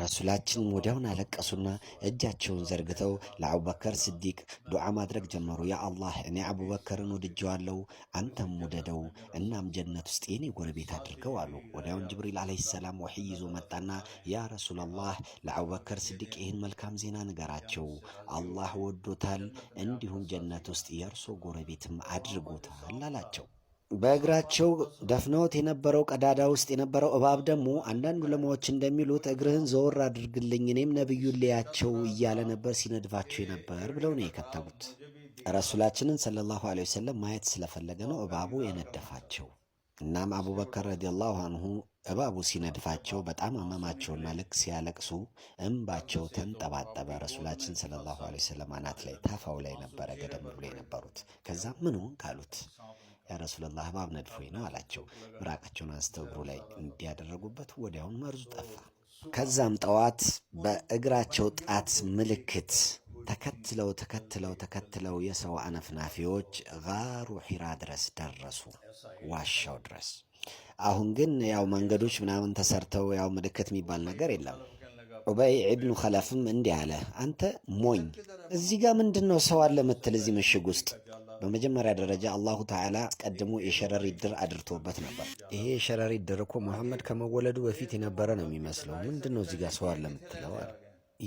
ረሱላችን ወዲያውን አለቀሱና እጃቸውን ዘርግተው ለአቡበከር ስዲቅ ዱዓ ማድረግ ጀመሩ። ያ አላህ እኔ አቡበከርን ወድጀዋለው፣ አንተም ውደደው፣ እናም ጀነት ውስጥ የኔ ጎረቤት አድርገው አሉ። ወዲያውን ጅብሪል ዓለይሂ ሰላም ወሕይ ይዞ መጣና ያ ረሱላላህ ለአቡበከር ስዲቅ ይህን መልካም ዜና ንገራቸው፣ አላህ ወዶታል፣ እንዲሁም ጀነት ውስጥ የእርሶ ጎረቤትም አድርጎታል አላቸው። በእግራቸው ደፍነውት የነበረው ቀዳዳ ውስጥ የነበረው እባብ ደግሞ አንዳንድ ዑለማዎች እንደሚሉት እግርህን ዘወር አድርግልኝ እኔም ነቢዩን ልያቸው እያለ ነበር ሲነድፋቸው ነበር ብለው ነው የከተቡት። ረሱላችንን ሰለላሁ ዐለይሂ ወሰለም ማየት ስለፈለገ ነው እባቡ የነደፋቸው። እናም አቡበከር ረዲየላሁ አንሁ እባቡ ሲነድፋቸው በጣም አመማቸውና ልክ ሲያለቅሱ እምባቸው ተንጠባጠበ። ረሱላችን ሰለላሁ ዐለይሂ ወሰለም አናት ላይ ታፋው ላይ ነበረ ገደም ብሎ የነበሩት። ከዛም ምን ካሉት ያረሱለላህ እባብ ነድፎኝ ነው አላቸው። ምራቃቸውን አንስተው እግሩ ላይ እንዲያደረጉበት ወዲያውን መርዙ ጠፋ። ከዛም ጠዋት በእግራቸው ጣት ምልክት ተከትለው ተከትለው ተከትለው የሰው አነፍናፊዎች ጋሩ ሒራ ድረስ ደረሱ፣ ዋሻው ድረስ። አሁን ግን ያው መንገዶች ምናምን ተሰርተው ያው ምልክት የሚባል ነገር የለም። ዑበይ እብኑ ኸለፍም እንዲህ አለ፣ አንተ ሞኝ፣ እዚህ ጋር ምንድን ነው ሰው አለ ምትል እዚህ ምሽግ ውስጥ በመጀመሪያ ደረጃ አላሁ ተዓላ አስቀድሞ የሸረሪ ድር አድርቶበት ነበር። ይሄ የሸረሪ ድር እኮ መሐመድ ከመወለዱ በፊት የነበረ ነው የሚመስለው። ምንድን ነው እዚጋ ሰው አለ የምትለው አለ።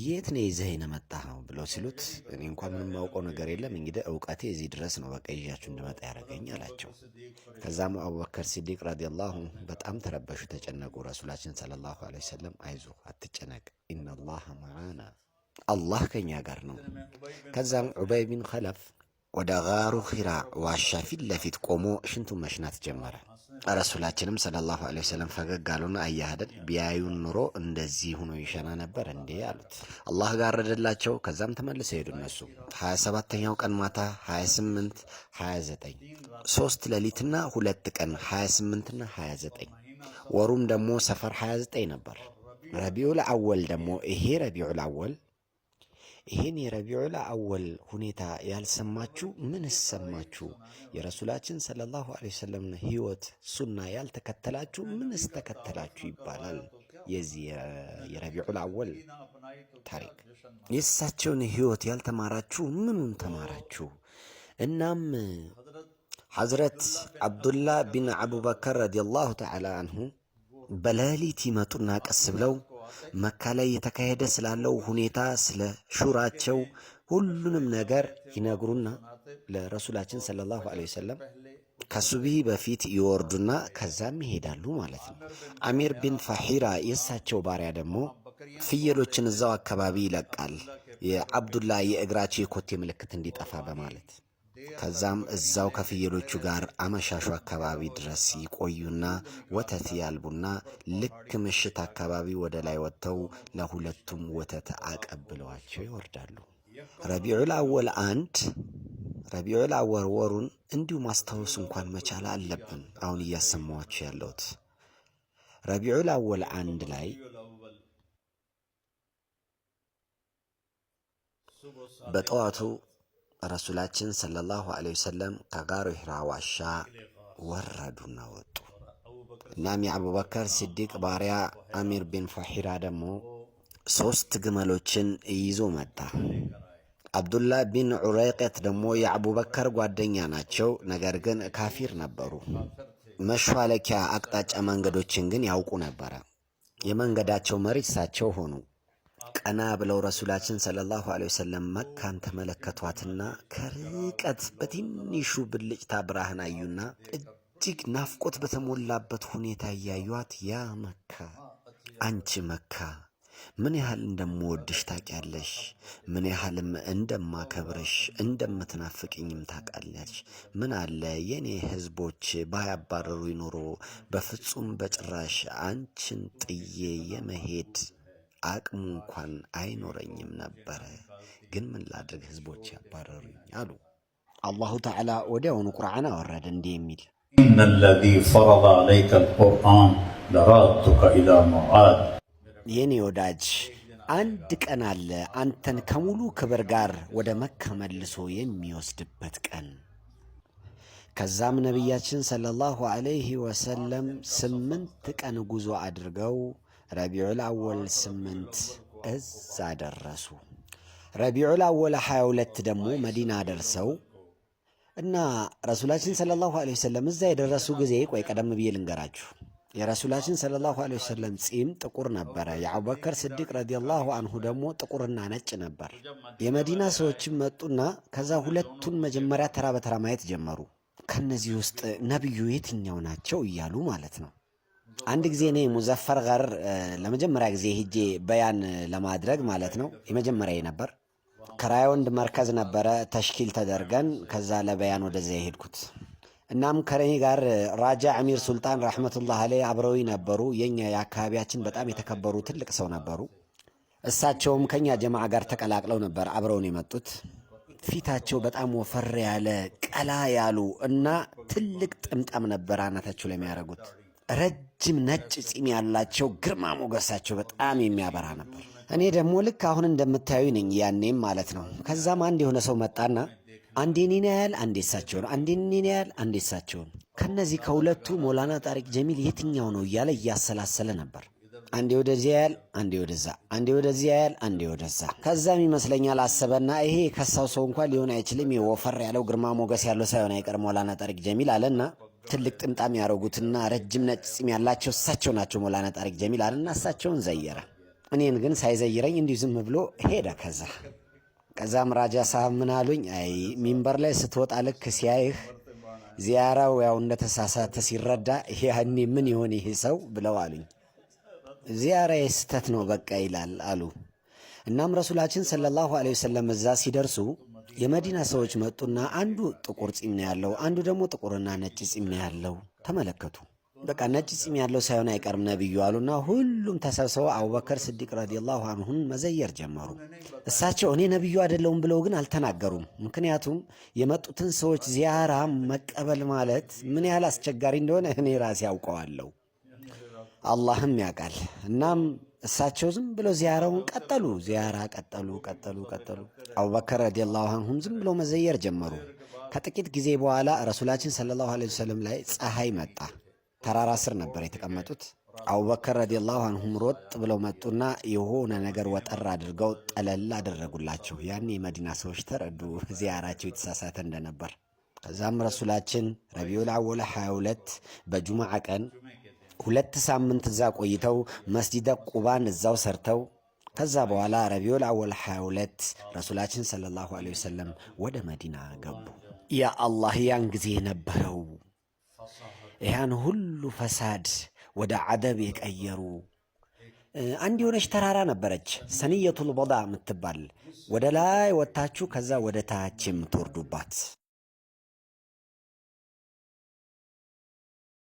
የት ነው ይዘህ የመጣኸው ብለው ሲሉት እኔ እንኳ ምንም ማውቀው ነገር የለም እንግዲህ እውቀቴ እዚህ ድረስ ነው፣ በቃ ይዣችሁ እንድመጣ ያደረገኝ አላቸው። ከዛም አቡበከር ሲዲቅ ረዲየላሁ በጣም ተረበሹ፣ ተጨነቁ። ረሱላችን ሰለላሁ ዐለይሂ ወሰለም አይዞ አትጨነቅ፣ ኢነላህ መዓና አላህ ከኛ ጋር ነው። ከዛም ዑበይ ቢን ኸለፍ ወደ ጋሩ ሂራ ዋሻ ፊት ለፊት ቆሞ ሽንቱን መሽናት ጀመረ። ረሱላችንም ሰለላሁ ዐለይሂ ወሰለም ፈገግ አሉና አያህደን ቢያዩን ኑሮ እንደዚህ ሆኖ ይሸና ነበር እንዴ አሉት። አላህ ጋር ረደላቸው። ከዛም ተመልሰው ሄዱ። እነሱ 27ተኛው ቀን ማታ 28፣ 29 ሶስት ሌሊትና ሁለት ቀን 28ና 29 ወሩም ደግሞ ሰፈር 29 ነበር። ረቢዑል አወል ደግሞ ይሄ ረቢዑል አወል ይህን የረቢዑል አወል ሁኔታ ያልሰማችሁ ምን ሰማችሁ? የረሱላችን ሰለላሁ ዐለይሂ ወሰለም ህይወት ሱና ያልተከተላችሁ ምንስ ተከተላችሁ ይባላል። የዚህ የረቢዑል አወል ታሪክ የእሳቸውን ህይወት ያልተማራችሁ ምኑን ተማራችሁ? እናም ሐዝረት ዐብዱላህ ቢን አቡበከር ረዲየላሁ ተዓላ አንሁ በሌሊት ይመጡና ቀስ ብለው መካ ላይ የተካሄደ ስላለው ሁኔታ፣ ስለ ሹራቸው ሁሉንም ነገር ይነግሩና ለረሱላችን ሰለላሁ ዐለይሂ ወሰለም ከሱብሂ በፊት ይወርዱና ከዛም ይሄዳሉ ማለት ነው። አሚር ቢን ፋሒራ የእሳቸው ባሪያ ደግሞ ፍየሎችን እዛው አካባቢ ይለቃል፣ የአብዱላ የእግራቸው የኮቴ ምልክት እንዲጠፋ በማለት ከዛም እዛው ከፍየሎቹ ጋር አመሻሹ አካባቢ ድረስ ይቆዩና ወተት ያልቡና ልክ ምሽት አካባቢ ወደ ላይ ወጥተው ለሁለቱም ወተት አቀብለዋቸው ይወርዳሉ። ረቢዑል አወል አንድ ረቢዑል አወል ወሩን እንዲሁ ማስታወስ እንኳን መቻል አለብን። አሁን እያሰማዋቸው ያለሁት ረቢዑል አወል አንድ ላይ በጠዋቱ ረሱላችን ሰለላሁ ዐለይሂ ወሰለም ከጋሩ ሂራ ዋሻ ወረዱና ወጡ። እናም የአቡበከር ስዲቅ ባሪያ አሚር ቢን ፋሒራ ደግሞ ሶስት ግመሎችን ይዞ መጣ። አብዱላ ቢን ዑረይቀት ደግሞ የአቡበከር ጓደኛ ናቸው፣ ነገር ግን ካፊር ነበሩ። መሿለኪያ አቅጣጫ መንገዶችን ግን ያውቁ ነበረ። የመንገዳቸው መሪ እሳቸው ሆኑ። ቀና ብለው ረሱላችን ሰለላሁ ዐለይሂ ወሰለም መካን ተመለከቷትና ከርቀት በትንሹ ብልጭታ ብርሃን አዩና እጅግ ናፍቆት በተሞላበት ሁኔታ እያዩት ያ መካ፣ አንቺ መካ ምን ያህል እንደምወድሽ ታውቂያለሽ፣ ምን ያህልም እንደማከብርሽ እንደምትናፍቅኝም ታውቃለሽ። ምን አለ የእኔ ህዝቦች ባያባረሩ ይኖሮ በፍጹም በጭራሽ አንቺን ጥዬ የመሄድ አቅሙ እንኳን አይኖረኝም ነበረ፣ ግን ምን ላድርግ ህዝቦች ያባረሩኝ አሉ። አላሁ ተዓላ ወዲያውኑ ቁርአን አወረደ እንዲህ የሚል ኢነ ለዚ ፈረደ አለይከ ልቁርአን ለራድቱከ ኢላ መዓድ የኔ ወዳጅ አንድ ቀን አለ አንተን ከሙሉ ክብር ጋር ወደ መካ መልሶ የሚወስድበት ቀን። ከዛም ነቢያችን ሰለላሁ አለይህ ወሰለም ስምንት ቀን ጉዞ አድርገው ረቢዑል አወል ስምንት እዛ ደረሱ። ረቢዑል አወል 22 ደግሞ መዲና ደርሰው እና ረሱላችን ሰለላሁ ዐለይሂ ወሰለም እዛ የደረሱ ጊዜ ቆይ ቀደም ብዬ ልንገራችሁ። የረሱላችን ሰለላሁ ዐለይሂ ወሰለም ጺም ጥቁር ነበረ። የአቡበከር ስዲቅ ረዲየላሁ አንሁ ደግሞ ጥቁርና ነጭ ነበር። የመዲና ሰዎችም መጡና ከዛ ሁለቱን መጀመሪያ ተራ በተራ ማየት ጀመሩ። ከነዚህ ውስጥ ነቢዩ የትኛው ናቸው እያሉ ማለት ነው አንድ ጊዜ እኔ ሙዘፈር ጋር ለመጀመሪያ ጊዜ ሄጄ በያን ለማድረግ ማለት ነው የመጀመሪያ ነበር። ከራይወንድ መርከዝ ነበረ ተሽኪል ተደርገን ከዛ ለበያን ወደዚያ የሄድኩት። እናም ከረኔ ጋር ራጃ አሚር ሱልጣን ረሕመቱላህ አለይ አብረዊ ነበሩ። የኛ የአካባቢያችን በጣም የተከበሩ ትልቅ ሰው ነበሩ። እሳቸውም ከኛ ጀማዓ ጋር ተቀላቅለው ነበር አብረውን የመጡት። ፊታቸው በጣም ወፈር ያለ ቀላ ያሉ እና ትልቅ ጥምጣም ነበር አናታቸው ላይ ረጅም ነጭ ጺም ያላቸው ግርማ ሞገሳቸው በጣም የሚያበራ ነበር። እኔ ደግሞ ልክ አሁን እንደምታዩ ነኝ፣ ያኔም ማለት ነው። ከዛም አንድ የሆነ ሰው መጣና አንዴ እኔን ያያል፣ አንዴ እሳቸውን፣ አንዴ እኔን ያያል፣ አንዴ እሳቸውን። ከነዚህ ከሁለቱ ሞላና ጣሪቅ ጀሚል የትኛው ነው እያለ እያሰላሰለ ነበር። አንዴ ወደዚህ ያያል፣ አንዴ ወደዛ፣ አንዴ ወደዚህ ያያል፣ አንዴ ወደዛ። ከዛም ይመስለኛል አሰበና ይሄ ከሳው ሰው እንኳን ሊሆን አይችልም፣ የወፈር ያለው ግርማ ሞገስ ያለው ሳይሆን አይቀር ሞላና ጣሪቅ ጀሚል አለና ትልቅ ጥምጣም ያደረጉትና ረጅም ነጭ ፂም ያላቸው እሳቸው ናቸው ሞላና ጣሪቅ ጀሚል አለና እሳቸውን ዘየረ። እኔን ግን ሳይዘይረኝ እንዲሁ ዝም ብሎ ሄደ። ከዛ ከዛም ራጃ ሳህብ ምን አሉኝ? አይ ሚንበር ላይ ስትወጣ ልክ ሲያይህ ዚያራው ያው እንደተሳሳተ ሲረዳ ያኔ ምን ይሆን ይህ ሰው ብለው አሉኝ። ዚያራ ስህተት ነው በቃ ይላል አሉ። እናም ረሱላችን ሰለላሁ ዐለይሂ ወሰለም እዛ ሲደርሱ የመዲና ሰዎች መጡና አንዱ ጥቁር ፂም ነው ያለው፣ አንዱ ደግሞ ጥቁርና ነጭ ፂም ያለው። ተመለከቱ። በቃ ነጭ ፂም ያለው ሳይሆን አይቀርም ነብዩ አሉና ሁሉም ተሰብስበው አቡበከር ስዲቅ ረዲየላሁ አንሁን መዘየር ጀመሩ። እሳቸው እኔ ነብዩ አይደለሁም ብለው ግን አልተናገሩም። ምክንያቱም የመጡትን ሰዎች ዚያራ መቀበል ማለት ምን ያህል አስቸጋሪ እንደሆነ እኔ ራሴ ያውቀዋለሁ፣ አላህም ያውቃል። እናም እሳቸው ዝም ብለው ዚያራውን ቀጠሉ። ዚያራ ቀጠሉ ቀጠሉ ቀጠሉ። አቡበከር ረዲየላሁ አንሁም ዝም ብለው መዘየር ጀመሩ። ከጥቂት ጊዜ በኋላ ረሱላችን ሰለላሁ ዐለይሂ ወሰለም ላይ ፀሐይ መጣ። ተራራ ስር ነበር የተቀመጡት። አቡበከር ረዲየላሁ አንሁም ሮጥ ብለው መጡና የሆነ ነገር ወጠር አድርገው ጠለል አደረጉላቸው። ያን የመዲና ሰዎች ተረዱ ዚያራቸው የተሳሳተ እንደነበር። ከዛም ረሱላችን ረቢዑል አወል 22 በጁምዓ ቀን ሁለት ሳምንት እዛ ቆይተው መስጂደ ቁባን እዛው ሰርተው ከዛ በኋላ ረቢዮል አወል 22 ረሱላችን ሰለላሁ ዐለይሂ ወሰለም ወደ መዲና ገቡ። ያ አላህ ያን ጊዜ ነበረው! ያን ሁሉ ፈሳድ ወደ አደብ የቀየሩ አንድ የሆነች ተራራ ነበረች፣ ሰንየቱል ቦዳ የምትባል ወደ ላይ ወጥታችሁ ከዛ ወደ ታች የምትወርዱባት